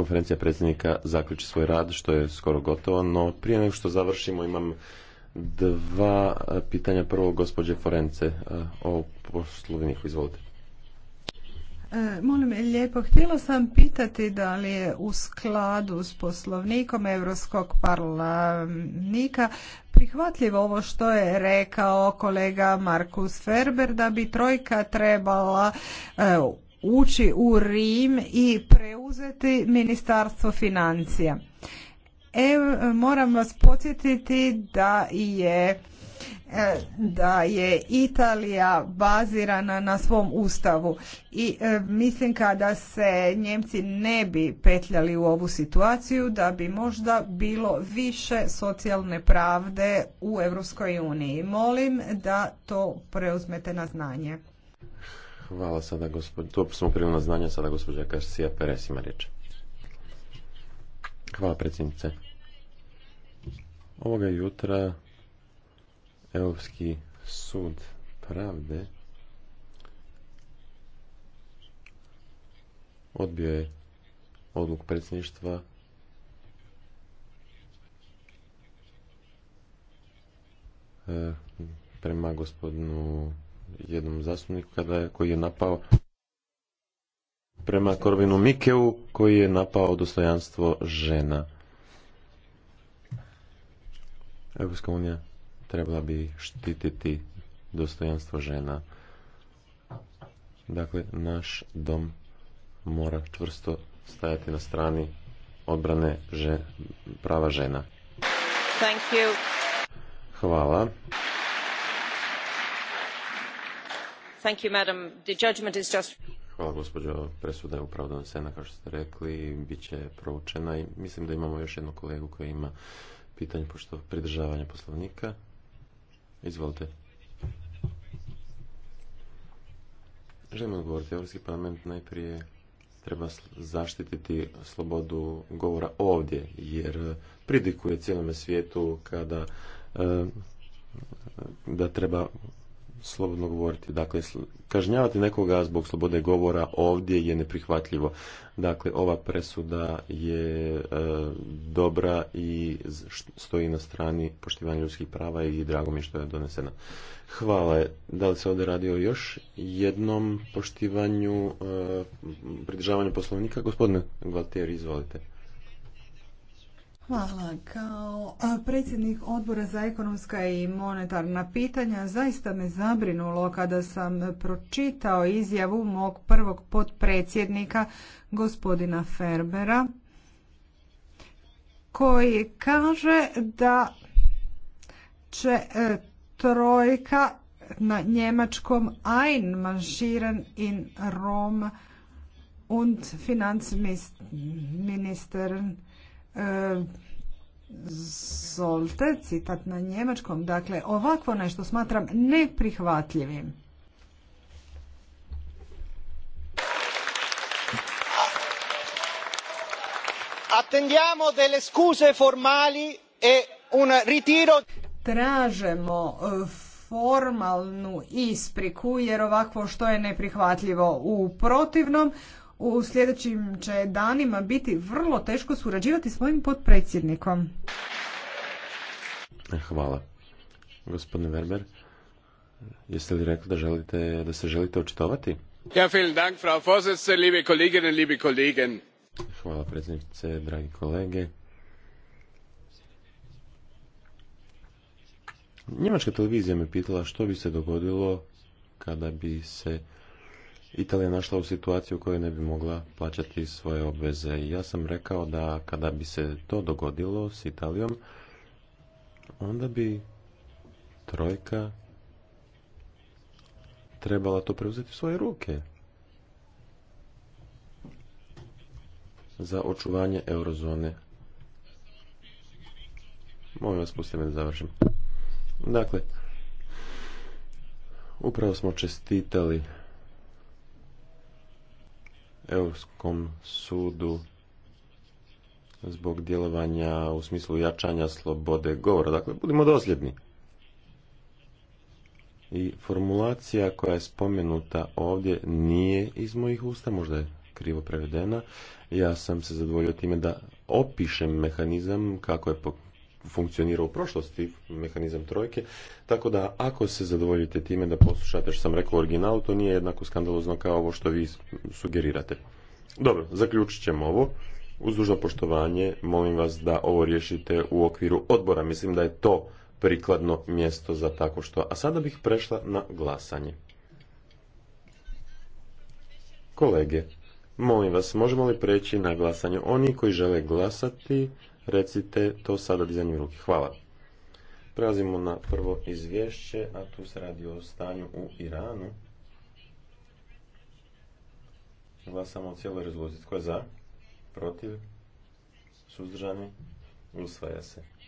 konferencija predsjednika zaključi svoj rad, što je skoro gotovo, no prije nego što završimo imam dva pitanja. Prvo, gospođe Forence, e, o poslovniku, izvolite. E, molim lijepo, htjela sam pitati da li je u skladu s poslovnikom Europskog parlamenta prihvatljivo ovo što je rekao kolega Markus Ferber da bi trojka trebala e, ući u Rim i preuzeti Ministarstvo financija. E, moram vas podsjetiti da je e, da je Italija bazirana na svom ustavu i e, mislim kada se Njemci ne bi petljali u ovu situaciju da bi možda bilo više socijalne pravde u Europskoj uniji. Molim da to preuzmete na znanje. Hvala sada, gospodin. To smo primili na znanje, sada gospođa Garcia Perez ima riječ. Hvala, predsjednice. Ovoga jutra Europski sud pravde odbio je odluk predsjedništva e, prema gospodinu jednom zastupniku kada je, koji je napao prema Korvinu Mikeu koji je napao dostojanstvo žena. Europska unija trebala bi štititi dostojanstvo žena. Dakle, naš dom mora čvrsto stajati na strani odbrane prava žena. Hvala. Hvala gospođo, presuda je upravo donesena, kao što ste rekli, bit će proučena i mislim da imamo još jednu kolegu koja ima pitanje pošto pridržavanja poslovnika. Izvolite. Želim odgovoriti. Europski parlament najprije treba zaštititi slobodu govora ovdje, jer e, pridikuje cijelome svijetu kada e, da treba slobodno govoriti. Dakle, kažnjavati nekoga zbog slobode govora ovdje je neprihvatljivo. Dakle, ova presuda je e, dobra i stoji na strani poštivanja ljudskih prava i drago mi što je donesena. Hvala. Da li se ovdje radi o još jednom poštivanju, e, pridržavanju poslovnika? Gospodine Gualtieri, izvolite. Hvala. Kao predsjednik odbora za ekonomska i monetarna pitanja zaista me zabrinulo kada sam pročitao izjavu mog prvog potpredsjednika gospodina Ferbera koji kaže da će e, trojka na njemačkom ein manširan in Rom und Finanzminister E, Zolte, citat na njemačkom, dakle ovakvo nešto smatram neprihvatljivim. Attendiamo delle scuse formali e un ritiro. Tražemo e, formalnu ispriku jer ovakvo što je neprihvatljivo u protivnom u sljedećim će danima biti vrlo teško surađivati svojim mojim potpredsjednikom. Hvala. Gospodine Werber, jeste li rekli da, želite, da se želite očitovati? Ja, vielen Dank, Frau Vorsitzende, liebe Kolleginnen, liebe Kollegen. Hvala predsjednice, dragi kolege. Njemačka televizija me pitala što bi se dogodilo kada bi se Italija je našla u situaciju u kojoj ne bi mogla plaćati svoje obveze. I ja sam rekao da kada bi se to dogodilo s Italijom, onda bi trojka trebala to preuzeti u svoje ruke za očuvanje eurozone. Molim vas, pustite da završim. Dakle, upravo smo čestitali Europskom sudu zbog djelovanja u smislu jačanja slobode govora. Dakle, budimo dosljedni. I formulacija koja je spomenuta ovdje nije iz mojih usta, možda je krivo prevedena. Ja sam se zadovoljio time da opišem mehanizam kako je funkcionirao u prošlosti, mehanizam trojke, tako da ako se zadovoljite time da poslušate što sam rekao u originalu, to nije jednako skandalozno kao ovo što vi sugerirate. Dobro, zaključit ćemo ovo. Uz dužno poštovanje, molim vas da ovo riješite u okviru odbora. Mislim da je to prikladno mjesto za tako što. A sada bih prešla na glasanje. Kolege, molim vas, možemo li preći na glasanje? Oni koji žele glasati, recite to sada dizanjem ruke. Hvala. Prelazimo na prvo izvješće, a tu se radi o stanju u Iranu. Glasamo o cijeloj rezoluciji. Tko je za? Protiv? Suzdržani? Usvaja se.